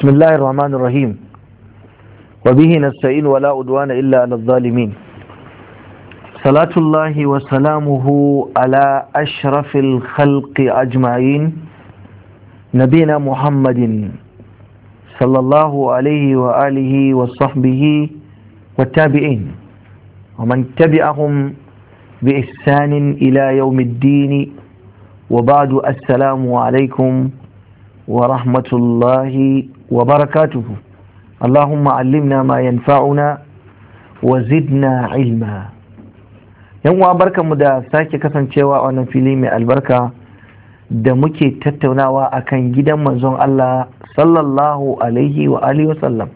بسم الله الرحمن الرحيم وبه نستعين ولا عدوان إلا على الظالمين صلاة الله وسلامه على أشرف الخلق أجمعين نبينا محمد صلى الله عليه وآله وصحبه والتابعين ومن تبعهم بإحسان إلى يوم الدين وبعد السلام عليكم ورحمة الله وبركاته اللهم علمنا ما ينفعنا وزدنا علما yanwa barkanmu da sake kasancewa a wannan fili mai albarka da muke tattaunawa akan gidan manzon Allah sallallahu alaihi wa alihi sallam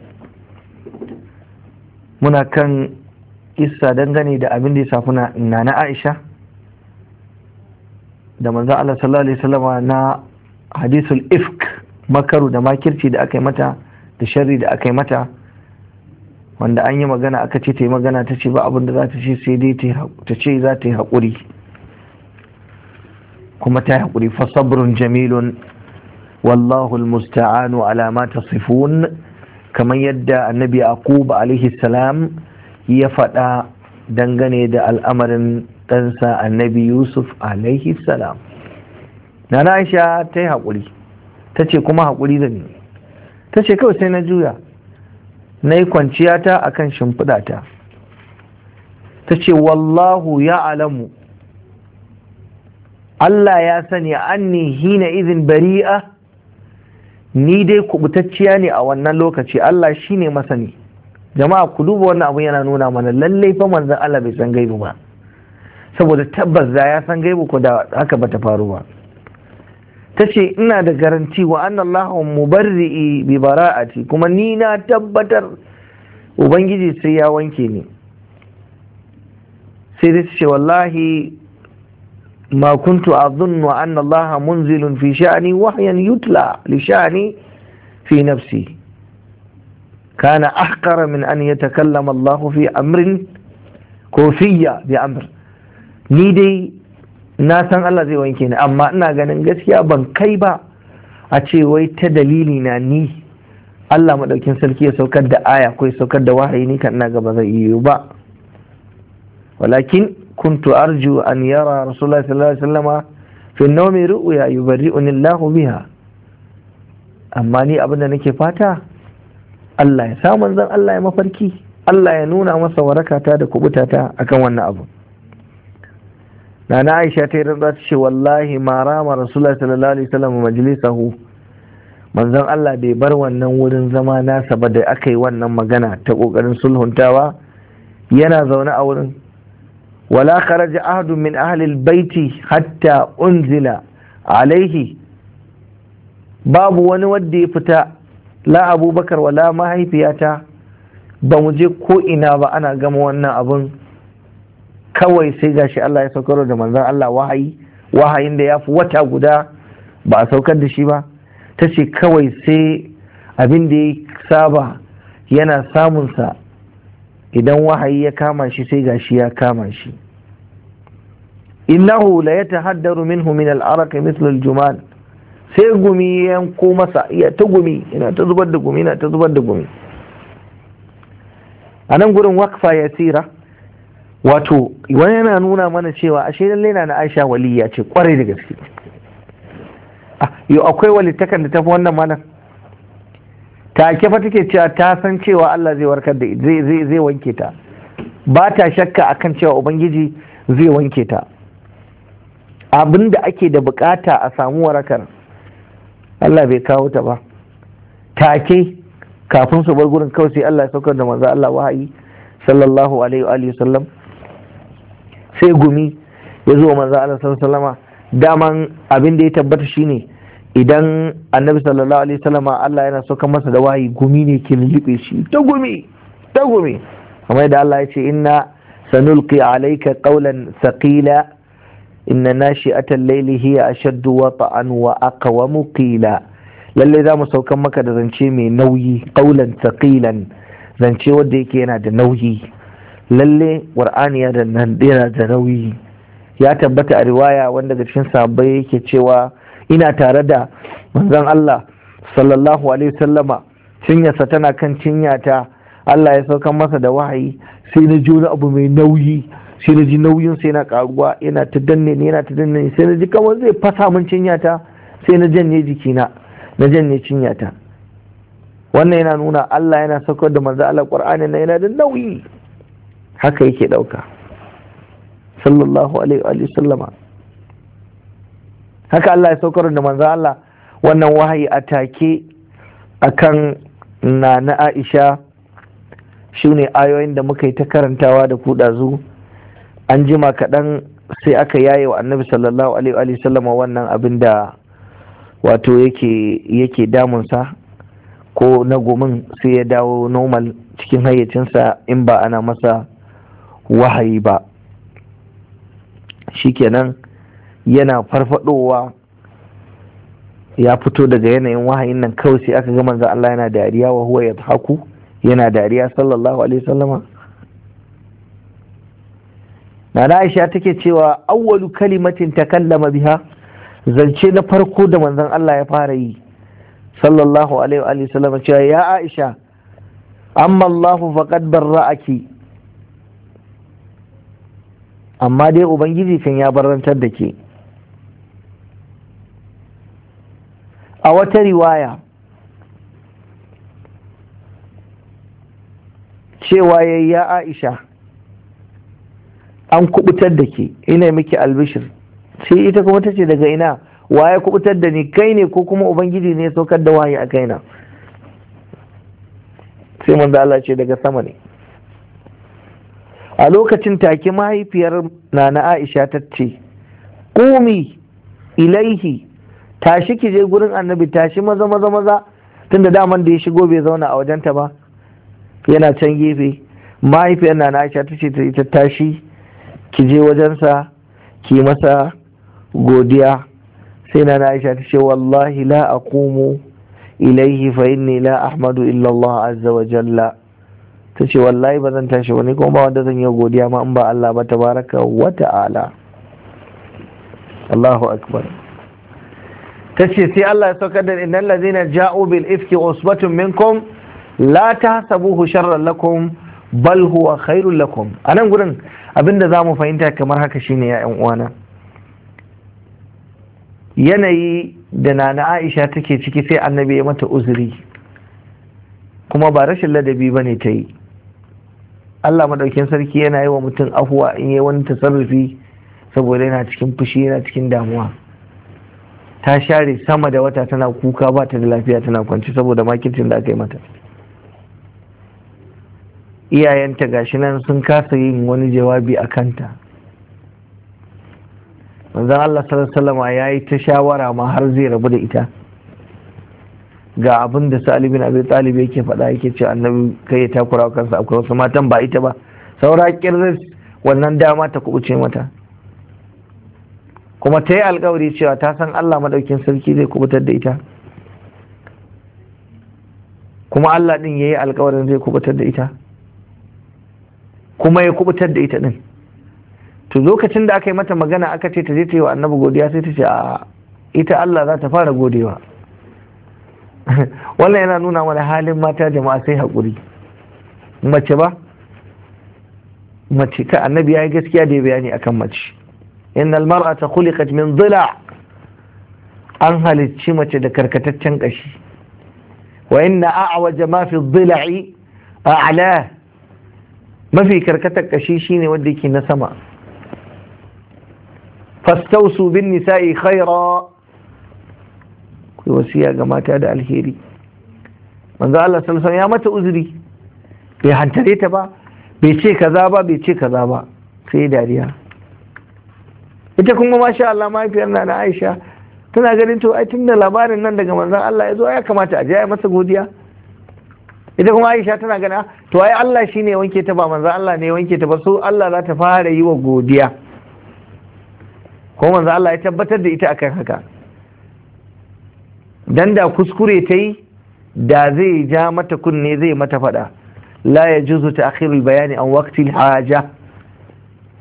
muna kan isa dangane da abin da ya safuna, na na Aisha da manzon Allah sallallahu alaihi wasallama na hadisul ifk makaru da makirci da aka yi mata da sharri da aka yi mata wanda an yi magana aka ce ta yi magana ta ce ba abin da za ta ce sai dai ta ce za ta yi haƙuri kuma ta yi haƙuri fa sabrun jamilun wallahu almusta'anu ala ma tasifun kamar yadda annabi yaqub alaihi salam ya faɗa dangane da al'amarin ɗansa annabi yusuf alaihi salam na aisha ta yi haƙuri ta ce kuma haƙuri zan ta ce kawai sai na juya na yi kwanciyata a kan shimfiɗata ta ce wallahu ya alamu Allah ya sani anni hina izin bari'a ni dai kubutacciya ne a wannan lokaci Allah shi ne masani jama'a ku duba wannan abu yana nuna mana lallai fa manzon Allah bai san gaibu ba saboda tabbas da ya san gaibu ko da haka bata faru ba ta ce ina da garanti wa annallahu mubarri'i bi bara'ati kuma ni na tabbatar ubangiji sai ya wanke ni sai dai ce wallahi ma kuntu azunnu anna Allah munzilun fi sha'ani wahyan yutla li sha'ani fi nafsi kana ahqara min an yatakallama Allah fi amrin ko fiya bi amr ni dai na san Allah zai wanke ni amma ina ganin gaskiya ban kai ba a ce wai ta dalili na ni Allah maɗaukin sarki ya saukar da aya ko ya saukar da wahayi ni kan ina gaba zai yiwu ba walakin kuntu arju an yara rasulullah sallallahu alaihi wasallama fi nawmi ru'ya yubarri'uni Allah biha amma ni abin da nake fata Allah ya sa manzon Allah ya mafarki Allah ya nuna masa warakata da kubutata akan wannan abu na na aisha ta yi rantsuwa ta ce wallahi ma rama rasulullah sallallahu alaihi wasallam majlisahu manzon Allah bai bar wannan wurin zama nasa ba da aka yi wannan magana ta kokarin sulhuntawa yana zaune a wurin wala kharaja ahadun min ahli albayti hatta unzila alaihi babu wani wanda ya fita la abubakar wala mahaifiyata ba mu je ko ina ba ana gama wannan abun kawai sai gashi Allah ya saukar da manzon Allah wahayi wahayin da ya fi wata guda ba a saukar da shi ba ta ce kawai sai abin da ya saba yana samunsa idan wahayi ya kama shi sai gashi ya kama shi innahu la yatahaddaru minhu min al-araq mithlu al-jumal sai gumi yanko masa iya ta gumi yana ta zubar da gumi yana ta zubar da gumi a nan gurin wakfa ya tsira wato wani yana nuna mana cewa ashe lalle na na Aisha waliya ce kwarai da gaske ah, yau akwai walittakan da tafi wannan malam ta kefa take cewa ta san cewa Allah zai warkar da zai zai wanke ta ba ta shakka akan cewa ubangiji zai wanke ta abin da ake da bukata a samu warakar Allah bai kawo ta ba take kafin su bar gurin kawai sai Allah ya saukar da manzo Allah wahayi sallallahu alaihi wa sallam sai gumi ya zo manzo Allah sallallahu daman abin da ya tabbata shine idan annabi sallallahu alaihi wasallama Allah yana sauka masa da wahayi gumi ne ke lullube shi ta gumi ta gumi kamar da Allah ya ce inna sanulqi alayka qawlan thaqila inna nashi'atal layli hiya ashaddu wata'an wa aqwamu qila lalle za mu saukan maka da zance mai nauyi ƙaulan thaqilan zance wanda yake yana da nauyi lalle qur'ani ya da da nauyi ya tabbata a riwaya wanda da cikin sabai yake cewa ina tare da manzon Allah sallallahu alaihi wasallama cinyarsa tana kan cinyata Allah ya sauka masa da wahayi sai na ji wani abu mai nauyi sai na ji nauyin sai na karuwa yana ta danne ni yana ta danne ni sai na ji kamar zai fasa min cinyata sai na janye jikina na janye cinyata wannan yana nuna Allah yana saukar da manzo Allah na yana da nauyi haka yake ɗauka sallallahu alaihi sallama haka Allah ya saukar da manzan Allah wannan wahayi a take akan na na Aisha shi ne ayoyin da muka yi ta karantawa da kudazu an jima kaɗan sai aka yaye wa annabi sallallahu alaihi sallama wannan abin da wato yake damunsa ko na gomin sai ya dawo normal cikin hayyacinsa in ba ana masa wahayi ba shikenan yana farfadowa ya fito daga yanayin wahayin nan kawai sai aka ga manzo Allah yana dariya wa huwa yadhaku yana dariya sallallahu alaihi wasallama Nana Aisha take cewa awwalu kalimatin takallama biha zance na farko da manzon Allah ya fara yi sallallahu alaihi wa sallam cewa ya Aisha amma Allah faqad barra'aki amma dai ubangiji kan ya barantar da ke a wata riwaya cewa ya yi ya aisha an kubutar da ke ina miki albishir sai ita kuma ta ce daga ina waye kubutar da ni kai ne ko kuma ubangiji ne saukar da waye a kaina sai manzo Allah ce daga sama ne a lokacin take mahaifiyar na aisha ta ce ƙumi ilaihi tashi ki je gurin annabi tashi maza maza maza tunda daman da ya shigo bai zauna a wajenta ba yana can gefe mahaifiyar na aisha ta ce ta tashi ki je wajensa ki masa godiya sai na aisha ta ce wallahi la aqumu ilaihi fa inni la ahmadu illallah azza wa jalla ta ce wallahi ba zan tashi wani kuma ba wanda zan yi godiya ma in ba Allah ba ta baraka wa ta'ala Allahu akbar ta ce sai Allah ya saukar da innal lazina ja'u bil ifki usbatun minkum la tahsabuhu sharran lakum bal huwa khairul lakum anan gurin abinda zamu fahimta kamar haka shine ya ƴan uwana yanayi da nana aisha take ciki sai annabi ya mata uzuri kuma ba rashin ladabi ba ne ta yi Allah madaukin sarki yana yi wa mutum afuwa in yi wani tasarrufi saboda yana cikin fushi yana cikin damuwa ta share sama da wata tana kuka ba ta da lafiya tana kwanci saboda makircin da aka yi mata iyayenta gashi nan sun kasa yin wani jawabi a kanta manzon Allah sallallahu alaihi wasallam ya yi ta shawara ma har zai rabu da ita ga abin da salibin abin talibi yake faɗa yake ce annabi kai ya takura kansa akwai wasu matan ba ita ba saura kirris wannan dama ta kubuce mata kuma ta yi alkawari cewa ta san Allah madaukin sarki zai kubutar da ita kuma Allah din ya yi alkawarin zai kubutar da ita kuma ya kubutar da ita din to lokacin da aka yi mata magana aka ce ta je ta yi wa annabi godiya sai ta ce a ita Allah za ta fara godewa wannan yana nuna mana halin mata jama'a sai haƙuri mace ba mace ka annabi ya yi gaskiya da ya bayani akan mace innal mar'ata khuliqat min dhila an halicci mace da karkataccen kashi wa inna a'waja ma fi dhila'i a'la mafi karkatar kashi shine wanda yake na sama fastausu bin nisa'i khaira wasiya ga mata da alheri manzo Allah sallallahu ya mata uzuri bai hantare ta ba bai ce kaza ba bai ce kaza ba sai dariya ita kuma masha Allah mahaifiyar na na Aisha tana ganin to ai tunda labarin nan daga manzo Allah ya zo ya kamata a je ya masa godiya ita kuma Aisha tana gana to ai Allah shine ya wanke ta ba manzo Allah ne ya wanke ta ba so Allah za ta fara yi wa godiya ko manzo Allah ya tabbatar da ita akan haka dan da kuskure ta yi da zai ja mata kunne zai mata faɗa la ya juzu ta akhirul bayani an waqtil haja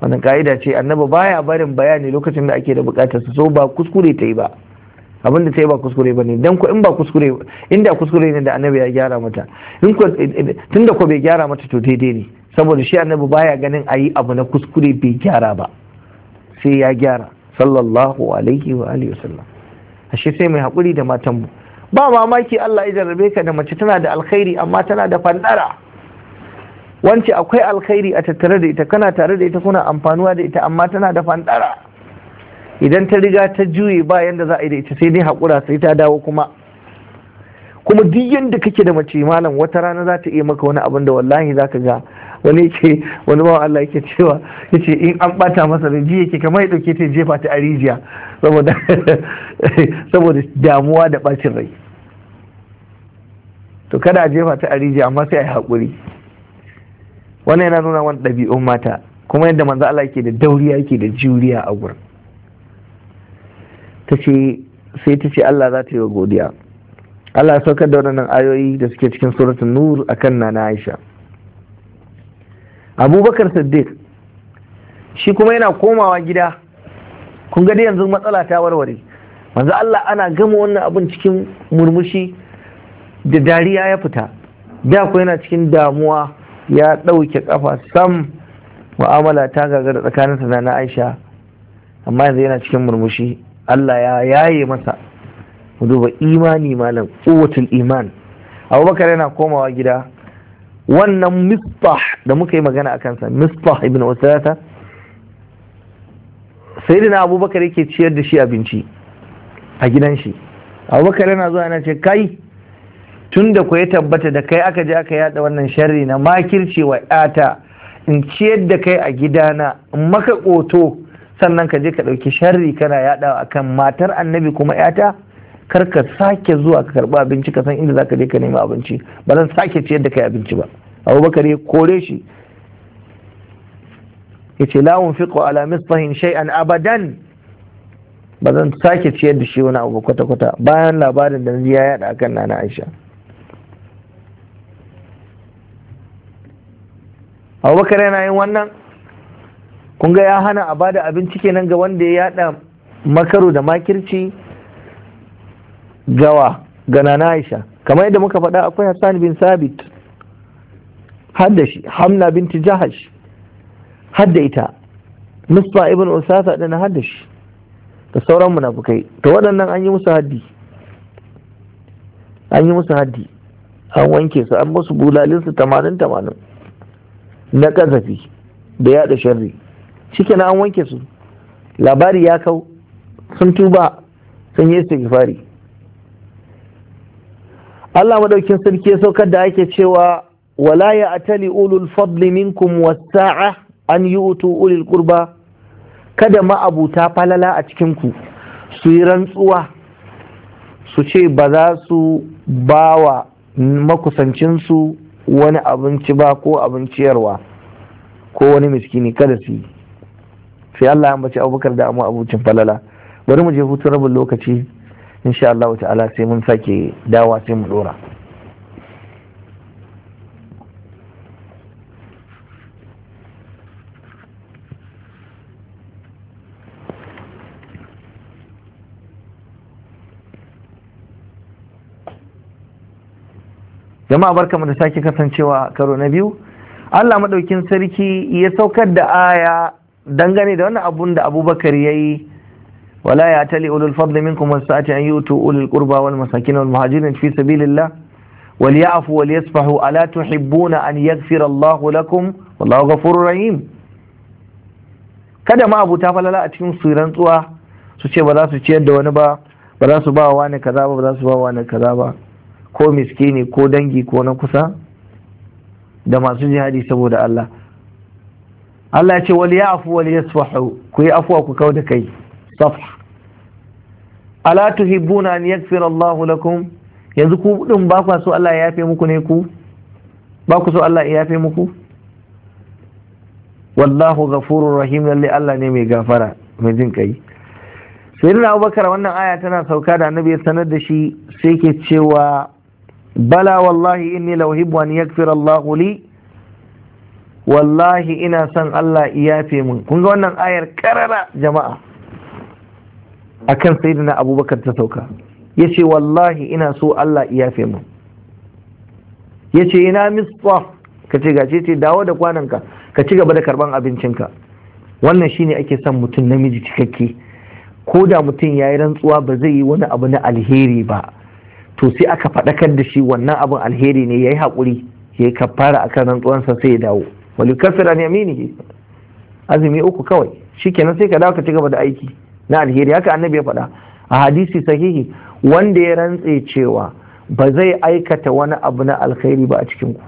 wannan ka'ida ce annabi baya barin bayani lokacin da ake da bukatar su so ba kuskure ta yi ba abinda ta yi ba kuskure ba ne dan ko in ba kuskure inda kuskure ne da annabi ya gyara mata in ko tunda ko bai gyara mata to daidai ne saboda shi annabi baya ganin ayi abu na kuskure bai gyara ba sai ya gyara sallallahu alaihi wa alihi wasallam ashe sai mai haƙuri da matan mu. ba mamaki Allah ya jarrabe ka da mace tana da alkhairi amma tana da fandara wance akwai alkhairi a tattare da ita kana tare da ita kuna amfanuwa da ita amma tana da fandara idan ta riga ta juye ba yanda za a yi da ita sai dai haƙura sai ta dawo kuma kuma duk yanda kake da mace malam wata rana za ta iya maka wani abin da wallahi za ka ga wani yake wani bawan Allah yake cewa yace in an bata masa da ji yake kamar ya dauke ta jefa ta arijiya saboda damuwa da bacin rai to kada a jefa ta arijiya amma sai a yi haƙuri wannan yana nuna wani ɗabi'un mata kuma yadda manzo Allah yake da dauriya yake da juriya a gurin ta sai ta ce Allah za ta yi wa godiya Allah ya saukar da waɗannan ayoyi da suke cikin suratun nur akan nana Aisha abubakar siddiq shi kuma yana komawa gida kun ga yanzu matsala ta warware manzo Allah ana gama wannan abin cikin murmushi da dariya ya fita da ku yana cikin damuwa ya ɗauke kafa sam mu'amala ta gagara tsakaninsa na Aisha amma yanzu yana cikin murmushi Allah ya yaye masa mu duba imani malam quwwatul iman Abubakar yana komawa gida wannan misbah da muka yi magana a kansa misbah ibn usata sayyidina abubakar yake ciyar da shi abinci a gidan shi abubakar yana zuwa yana ce kai tun da ku ya tabbata da kai aka je aka yada wannan sharri na makirci wa yata in ciyar da kai a gidana in maka koto sannan ka je ka ɗauki sharri kana yada akan matar annabi kuma yata kar ka sake zuwa ka karba abinci ka san inda zaka je ka nemi abinci ba zan sake ciyar da kai abinci ba abubakar ya kore shi ya ce lawon fiƙo ala misfahin shay'an abadan ba zan sake ciyar da shi wani abu kwata kwata bayan labarin da ya yada akan nana Aisha abubakar yana yin wannan kun ga ya hana a bada abinci kenan ga wanda ya yada makaro da makirci gawa gana na aisha kamar yadda muka faɗa akwai hassan bin sabit hadda shi hamna binti jahash hadda ita musfa ibn usasa ɗana hadda shi da sauran munafukai to waɗannan an yi musu haddi an yi musu haddi an wanke su an musu su tamanin tamanin na ƙazafi da yaɗa sharri shike na an wanke su labari ya kau sun tuba sun yi istighfari Allah madaukin sarki ya saukar da ake cewa wala ya atali ulul fadli minkum wasa'a an yu'tu ulul qurba kada ma'abuta falala a cikin ku su yi rantsuwa su ce ba za su bawa makusancinsu wani abinci ba ko abin ko wani miskini kada su yi sai Allah ya ambaci abubakar da amma abucin falala bari mu je hutun rabin lokaci insha Allah ta'ala sai mun sake dawa sai mu dora jama'a barkamu da sake kasancewa karo na biyu Allah maɗaukin sarki ya saukar da aya dangane da wannan abun da abubakar ya yi ولا يعتلي أولو الفضل منكم والسعة أن يؤتوا أولي القربى والمساكين والمهاجرين في سبيل الله وليعفوا وليصفحوا ألا تحبون أن يغفر الله لكم والله غفور رحيم kada ma abuta falala a cikin su rantsuwa su ce ba za su ciyar da wani ba ba za su ba wa wani kaza ba ba za su ba wa wani kaza ba ko miskini ko dangi ko na kusa da masu jihadi saboda Allah Allah ya ce wal ya'fu wal yasfahu ku yi afuwa ku kauda kai safha ala tuhibbuna an yaghfira Allah lakum yanzu ku din ba ku so Allah ya yafe muku ne ku ba ku so Allah ya yafe muku wallahu ghafurur rahim lalle Allah ne mai gafara mai jin kai sayyidina Abubakar wannan aya tana sauka da annabi ya sanar da shi sai ke cewa bala wallahi inni la uhibbu an yaghfira Allah li wallahi ina son Allah ya yafe mun kun ga wannan ayar karara jama'a akan na abubakar ta sauka ya ce wallahi ina so Allah iya fi mu ya ce ina miswa ka ce gace ce dawo da kwananka ka ci gaba da karban abincinka wannan shine ake son mutum namiji cikakke ko da mutum ya yi rantsuwa ba zai yi wani abu na alheri ba to sai aka faɗakar da shi wannan abin alheri ne ya yi haƙuri ya yi kafara a kan rantsuwansa sai ya dawo wali kafira ne amini azumi uku kawai shikenan sai ka dawo ka ci gaba da aiki na alheri haka annabi ya faɗa a hadisi sahihi wanda ya rantse cewa ba zai aikata wani abu na alkhairi ba a cikin ku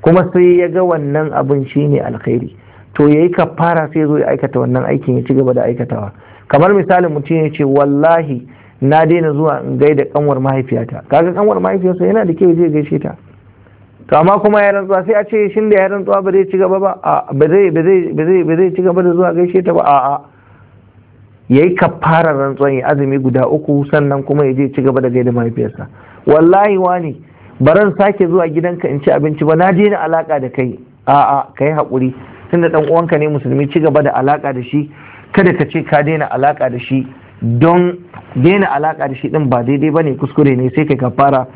kuma sai ya ga wannan abin ne alkhairi to ya yi kafara sai zo ya aikata wannan aikin ya ci gaba da aikatawa kamar misalin mutum ya ce wallahi na daina zuwa in gaida kanwar mahaifiyata kaga kanwar mahaifiyarsa yana da kyau zai gaishe ta to amma kuma ya rantsuwa sai a ce shin da ya rantsuwa ba zai ci gaba ba ba ba zai ba zai ci gaba da zuwa gaishe ta ba a'a ya yi kafarar rantsuwan ya azumi guda uku sannan kuma ya je ci gaba da gaida mahaifiyarsa wallahi wani baran sake zuwa gidanka in ci abinci ba na je ni alaka da kai a'a ka yi haƙuri tunda ɗan uwanka ne musulmi ci gaba da alaka da shi kada ka ce ka daina alaka da shi don daina alaka da shi din ba daidai bane kuskure ne sai ka kafara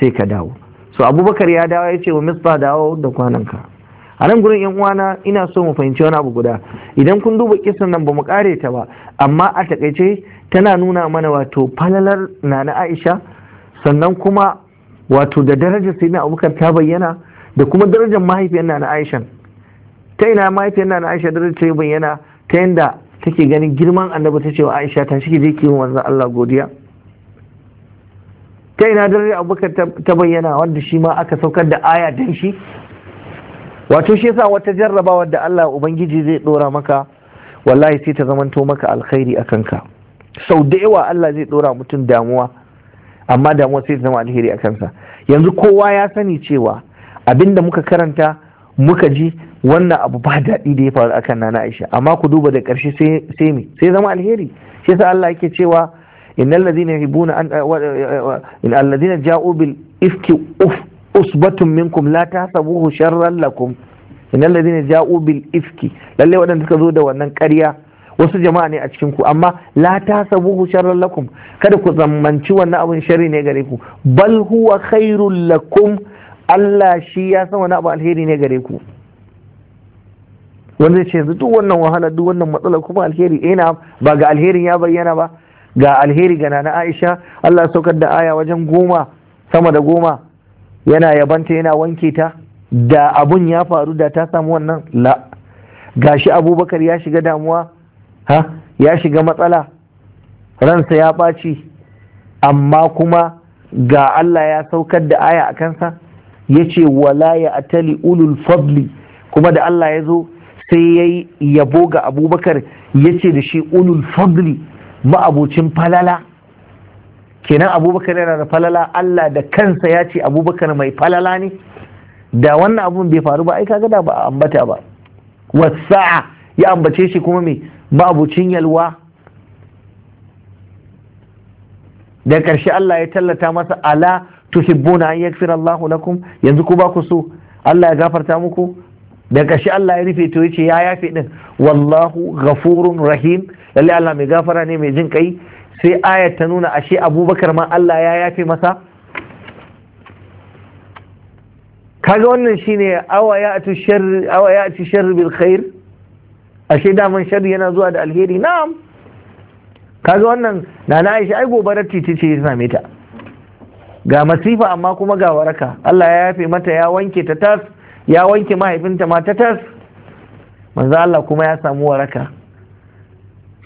sai ka dawo so abubakar ya dawo ya ce wa misba dawo da kwananka a nan gurin yan uwana ina so mu fahimci wani abu guda idan kun duba kisan nan ba mu kare ta ba amma a takaice tana nuna mana wato falalar nana Aisha sannan kuma wato da darajar na Abubakar ta bayyana da kuma darajar mahaifiyar nana Aisha ta ina mahaifiyar nana Aisha darajar ta bayyana ta yanda take ganin girman annabi ta ce wa Aisha ta shi je ki wanzan Allah godiya ta ina darajar Abubakar ta bayyana wanda shi ma aka saukar da aya dan shi wato shi yasa wata jarrabawa da Allah ubangiji zai dora maka wallahi sai ta zamanto maka alkhairi a kanka sau da yawa Allah zai dora mutum damuwa amma damuwa sai ta zama alheri a kansa yanzu kowa ya sani cewa abinda muka karanta muka ji wannan abu ba daɗi da ya faru akan nana Aisha amma ku duba da ƙarshe sai me sai zama alheri shi yasa Allah yake cewa innal ladina na an in alladina ja'u bil ifki uf usbatun minkum la tahsabuhu sharran lakum innal ladina ja'u bil ifki lalle waɗanda suka zo da wannan ƙarya wasu jama'a ne a cikin ku amma la tahsabuhu sharran lakum kada ku zammanci wannan abin shari ne gare ku bal huwa khairul lakum Allah shi ya san wani abu alheri ne gare ku wanda ce yanzu duk wannan wahala duk wannan matsala kuma alheri ina eh, ba ga alherin ya bayyana ba ga alheri ga na Aisha Allah saukar da aya wajen goma sama da goma yana yabanta yana wanke ta da abun ya faru da ta samu wannan la gashi abubakar ya shiga damuwa ha ya shiga matsala ransa ya ɓaci amma kuma ga Allah ya saukar da aya a kansa ya ce wala ya atali ulul fadli kuma da Allah ya zo sai ya yi yabo ga abubakar ya ce da shi ulul fadli ma'abocin falala kenan abubakar yana da falala Allah da kansa ya ce abubakar mai falala ne da wannan abun bai faru ba ai kaga da ba a ambata ba wasa'a ya ambace shi kuma mai ma'abucin yalwa da ƙarshe Allah ya tallata masa ala tuhibbuna an yaghfira Allahu lakum yanzu ku ba ku so Allah ya gafarta muku da karshe Allah ya rufe to yace ya yafe din wallahu ghafurun rahim lalle Allah mai gafara ne mai jin kai sai ayat ta nuna ashe abubakar ma Allah ya yafe masa kaga wannan shine awa ya ci awa bil khair ashe daman yana zuwa da alheri na'am kaga wannan nana Aisha ai gobarar titi ce yana same ta ga masifa amma kuma ga waraka Allah ya yafe mata ya wanke ta tas ya wanke mahaifinta ma ta tas manzo Allah kuma ya samu waraka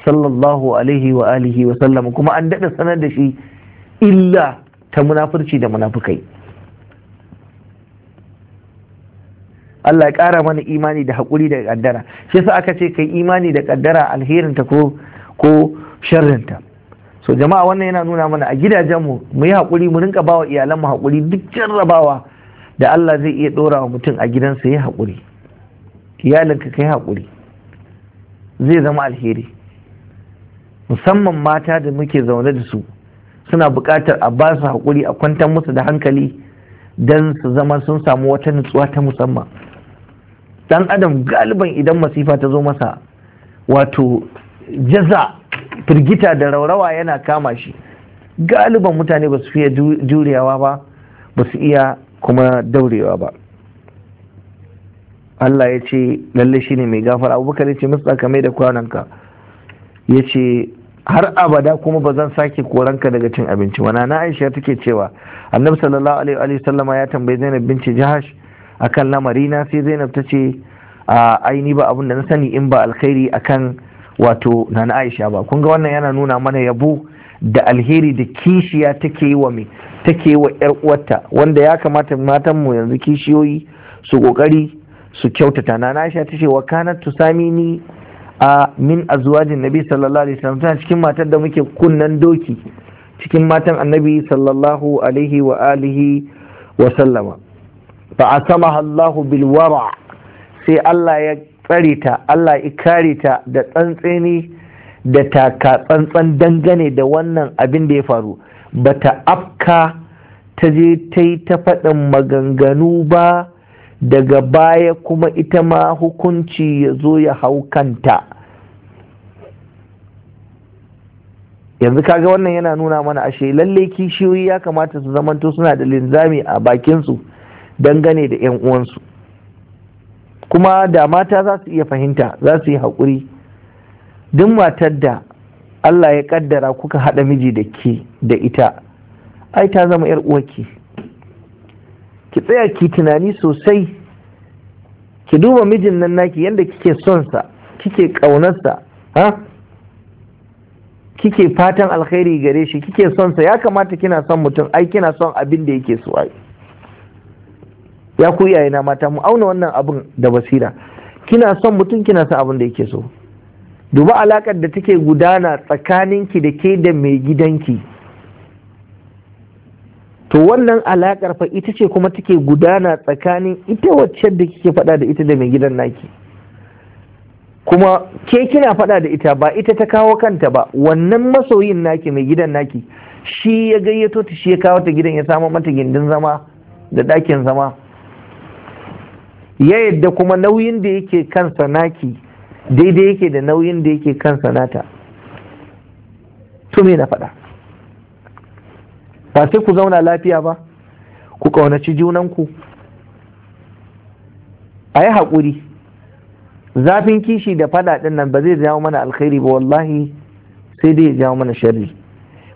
sallallahu alaihi wa alihi wa sallam kuma an daɗa sanar da shi illa ta munafurci da munafukai Allah ya ƙara mana imani da haƙuri da ƙaddara shi yasa aka ce kai imani da ƙaddara alherinta ko ko sharrinta so jama'a wannan yana nuna mana a gidajenmu mu yi haƙuri mu rinka bawa iyalanmu haƙuri duk jarrabawa da Allah zai iya ɗora wa mutum a gidansa ya yi haƙuri iyalinka kai haƙuri zai zama alheri musamman mata da muke zaune da su suna buƙatar a ba su haƙuri a kwantar musu da hankali don su zama sun samu wata nutsuwa ta musamman dan adam galiban idan masifa ta zo masa wato jaza firgita da raurawa yana kama shi galiban mutane ba su fiye jurewa ba ba su iya kuma daurewa ba Allah ya ce lalle shi ne mai gafara abubakar ya ce musu tsakamai da kwananka ya ce har abada kuma ba zan sake koranka daga cin abinci wana na aisha take cewa annabi sallallahu alaihi wa sallama ya tambayi zainab binci jahash akan na sai zainab ta ce a aini ba abin da na sani in ba alkhairi akan wato na na aisha ba kun ga wannan yana nuna mana yabo da alheri da kishiya take yi wa me take yi wa yar uwarta wanda ya kamata matan mu yanzu kishiyoyi su kokari su kyautata na na aisha ta ce wa kanat tusamini a min azwajin nabi sallallahu alaihi wasallam tana cikin matar da muke kunnan doki cikin matan annabi sallallahu alaihi wa alihi wa sallama fa asamaha Allahu bil wara sai Allah ya tsare ta Allah ya kare ta da tsantseni da taka tsantsan dangane da wannan abin da ya faru bata afka ta je ta yi ta faɗin maganganu ba daga baya kuma ita ma hukunci ya zo ya hau kanta yanzu kaga wannan yana nuna mana ashe lalle kishiyoyi ya kamata su zamanto suna da linzami a bakinsu dangane da 'yan uwansu kuma da mata za su iya fahimta za su yi haƙuri duk matar da Allah ya ƙaddara kuka haɗa miji da ke da ita ai ta zama 'yar uwarki. ki tsaya ki tunani sosai ki duba mijin nan naki yadda kike son sa kike ƙaunarsa ha kike fatan alkhairi gare shi kike son sa ya kamata kina son mutum ai kina son abin da yake so ai ya ku na mata mu auna wannan abin da basira kina son mutum kina son abin da yake so duba alakar da take gudana tsakaninki da ke da mai gidanki to wannan alaƙar fa ita ce kuma take gudana tsakanin ita wacce da kike faɗa da ita da mai gidan naki kuma ke kina faɗa da ita ba ita ta kawo kanta ba wannan masoyin naki mai gidan naki shi ya gayyato ta shi ya kawo ta gidan ya samo mata gindin zama da ɗakin zama ya yadda kuma nauyin da yake kansa naki daidai yake da nauyin da yake kansa nata to me na faɗa ba sai ku zauna lafiya ba ku ƙaunaci junanku a yi haƙuri zafin kishi da fada ɗin nan ba zai jawo mana alkhairi ba wallahi sai dai ya jawo mana sharri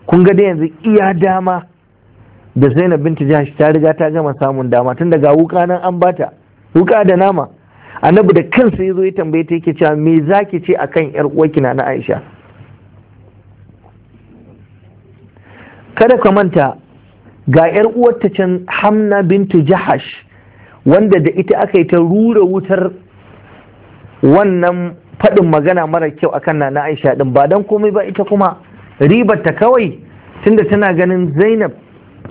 kun ga dai yanzu iya dama da zainab binta jahash ta riga ta gama samun dama tun daga wuka nan an bata wuka da nama annabi da kansa ya zo ya tambaye ta yake cewa me zaki ce akan yar uwarki na na aisha kada ka manta ga 'yar uwarta can hamna bintu jahash wanda da ita aka yi ta rura wutar wannan faɗin magana mara kyau akan na na aisha ɗin ba don komai ba ita kuma ribar ta kawai tunda tana ganin zainab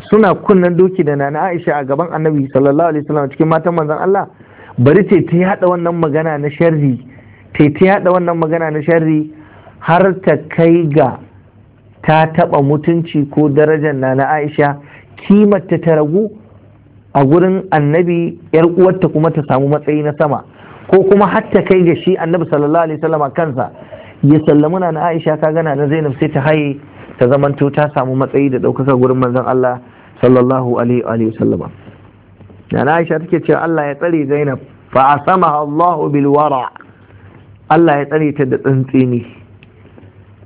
suna kunnen doki da nana aisha a gaban annabi sallallahu alaihi wasallam cikin matan manzon Allah bari ce ta yada wannan magana na sharri ta ta wannan magana na sharri har ta kai ga ta taɓa mutunci ko darajar na na aisha kimarta ta ragu a gurin annabi yar uwarta kuma ta samu matsayi na sama ko kuma hatta kai ga shi annabi sallallahu alaihi wasallama kansa ya sallamu na aisha ka gana na zainab sai ta haye ta zamanto ta samu matsayi da ɗaukaka gurin manzon Allah sallallahu alaihi wasallama na aisha take cewa Allah ya tsare zainab fa Allahu bil Allah ya tsare ta da tsantsini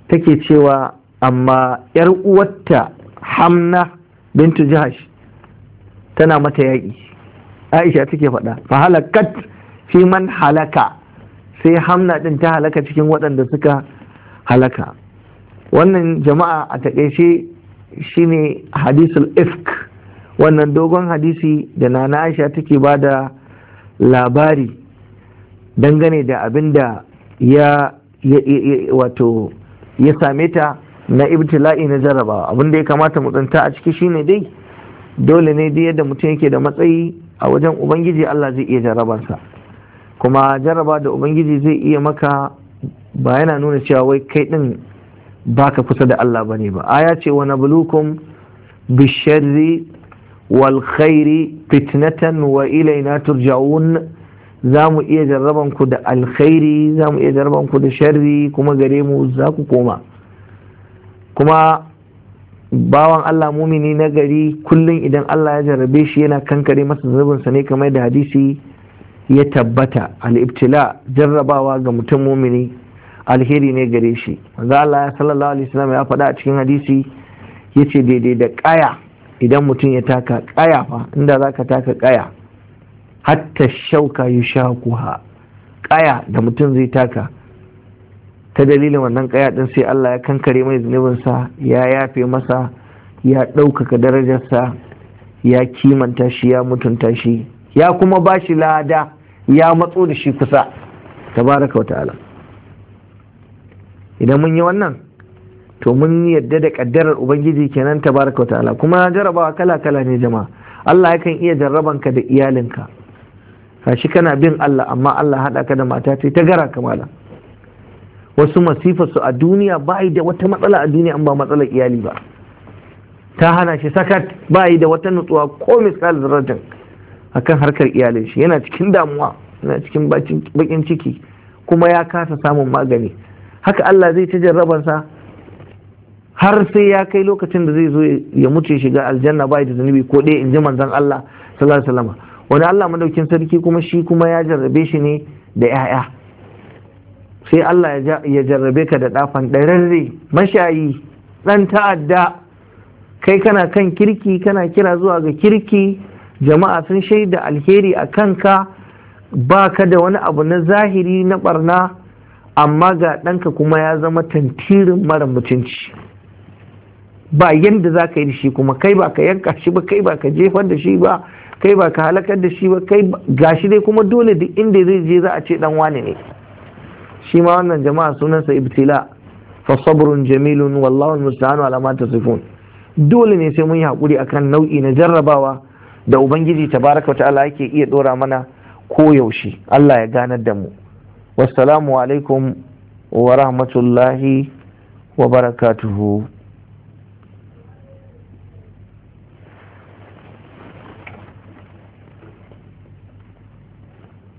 take cewa amma yar uwarta hamna bintu Jihar tana mata yaƙi aisha take faɗa fa halakat fi man halaka sai hamna ɗin ta halaka cikin waɗanda suka halaka wannan jama'a a taƙaice shine hadisul ifk wannan dogon hadisi da na aisha take ba da labari dangane da abin da ya wato ya same ta na ibtila'i na jaraba abin da ya kamata mu tsinta a ciki shine dai dole ne dai yadda mutum yake da matsayi a wajen ubangiji Allah zai iya jarabansa kuma jaraba da ubangiji zai iya maka ba yana nuna cewa wai kai din baka kusa da Allah bane ba aya ce wa nablukum bisharri wal khairi fitnatan wa ilaina turja'un za mu iya jarraban da alkhairi zamu iya jarraban ku da sharri kuma gare mu za ku koma kuma bawan Allah mumini na gari kullum idan Allah ya jarrabe shi yana kankare masa zunubinsa ne kamar da hadisi ya tabbata al jarrabawa ga mutum mumini alheri ne gare shi manzo Allah sallallahu alaihi wasallam ya faɗa a cikin hadisi yace daidai da kaya idan mutum ya taka kaya fa inda zaka taka kaya hatta shauka yushaquha kaya da mutum zai taka ta dalilin wannan kaya din sai Allah ya kankare mai zunubinsa ya yafe masa ya ɗaukaka darajarsa ya kimanta shi ya mutunta shi ya kuma ba shi lada ya matso da shi kusa tabaraka wa ta'ala idan mun yi wannan to mun yadda da kaddarar ubangiji kenan tabaraka wa ta'ala kuma jarabawa kala kala ne jama'a Allah yakan iya jarrabanka da iyalinka kashi kana bin Allah amma Allah haɗa ka da mata ta gara kamala wasu masifarsu a duniya ba da wata matsala a duniya an ba matsalar iyali ba ta hana shi sakat ba yi da wata nutsuwa ko misali a kan harkar iyalin shi yana cikin damuwa yana cikin bakin ciki kuma ya kasa samun magani haka Allah zai ci jarrabarsa har sai ya kai lokacin da zai zo ya mutu shiga aljanna bai da zunubi ko dai in ji manzon Allah sallallahu alaihi wasallam wani Allah madaukin sarki kuma shi kuma ya jarrabe shi ne da 'ya'ya sai Allah ya jarrabe ka da ɗafan ɗararre mashayi ɗan ta'adda kai kana kan kirki kana kira zuwa ga kirki jama'a sun shaida alheri a kanka ba ka da wani abu na zahiri na barna amma ga ɗanka kuma ya zama tantirin mara mutunci ba yadda za ka yi da shi kuma kai ba ka yanka shi ba kai ba ka jefar da shi ba kai ba ka halakar da shi ba kai gashi dai kuma dole duk inda zai je za a ce ɗan wane ne shi ma wannan jama'a sunansa ibtila fa sabrun jamilun wallahu almusta'an ala ma tasifun dole ne sai mun yi hakuri akan nau'i na jarrabawa da ubangiji tabaraka wa ta'ala yake iya dora mana ko yaushe Allah ya ganar da mu wassalamu alaikum wa rahmatullahi wa barakatuhu